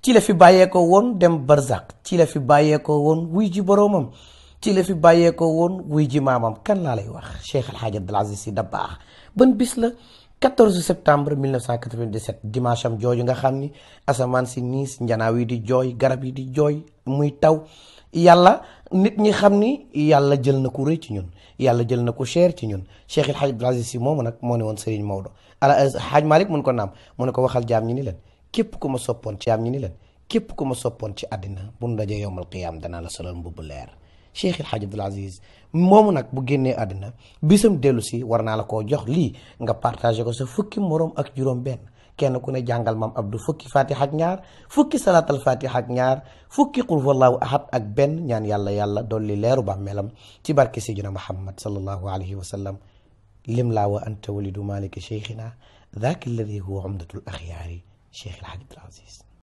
ci la fi bàyyeekoo woon dem Barzak ci la fi bàyyeekoo woon wuy ji boroomam ci la fi bàyyeekoo woon wuy ji maamam kan laa lay wax Cheikh El Hadj Abdoul Aziz Sy baax ban bis la 14 septembre 1997 dimanche am jooju nga xam ni asamaan si niis njanaaw yi di jooy garab yi di jooy muy taw yàlla nit ñi xam ni yàlla jël na ku rëy ci ñun yàlla jël na ku cher ci ñun Cheikh El Hadj Abdoul Aziz Sy moomu nag moo ne woon Serigne Maodo ala Hadj Malick mun ko naam mu ne ko waxal jaam ñi ni leen képp ku ma soppoon ci am ñu ni leen képp ku ma soppoon ci àddina bu nu dajee yowmal qiyaam danaa la solal mbubb leer Cheikh El Hadj Abdoul Aziz moomu nag bu génnee àddina bisam dellu si war naa la koo jox lii nga partagé ko sa fukki moroom ak juróom-benn kenn ku ne jàngal maam Abdou fukki fatiha ak ñaar fukki salaatal fatiha ak ñaar fukki qul huwallahu ahad ak benn ñaan yàlla yàlla dolli leeru bàmmeelam ci barke Seydina Muhammad sallallahu alayhi wa sallam lim laa wa anta walidu maliki cheikhina ذاك الذي هو عمدة الأخيار الشيخ الحاج العزيز